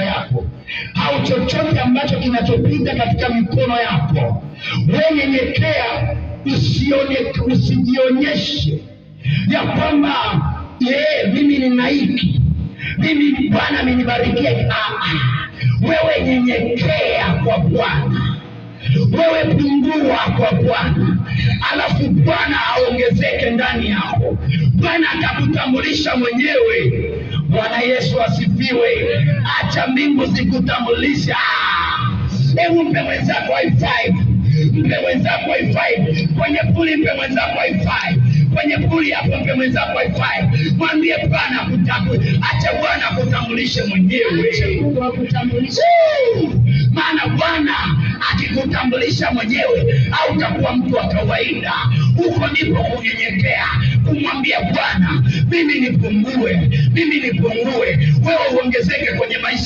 maisha yako au chochote ambacho kinachopita katika mikono yako, wenyenyekea, usijionyeshe ya kwamba yeye, mimi nina hiki, mimi Bwana amenibarikia. Ah, wewe nyenyekea kwa Bwana, wewe pungua kwa Bwana, alafu Bwana aongezeke ndani yako. Bwana atakutambulisha mwenyewe. Bwana Yesu asifiwe. Acha mbingu zikutambulisha. Hebu mpe mwenzako high five, mpe mwenzako high five kwenye puli, mpe mwenzako high five kwenye puli hapo, mpe mwenzako high five, mwambie Bwana akutambulishe. Acha Bwana akutambulishe mwenyewe, maana Bwana akikutambulisha mwenyewe au utakuwa mtu wa kawaida. Huko ndipo kunyenyekea kumwambia Bwana, mimi nipungue, mimi nipungue, wewe uongezeke kwenye maisha